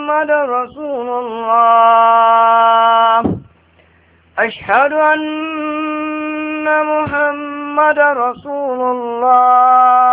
محمد رسول الله أشهد أن محمد رسول الله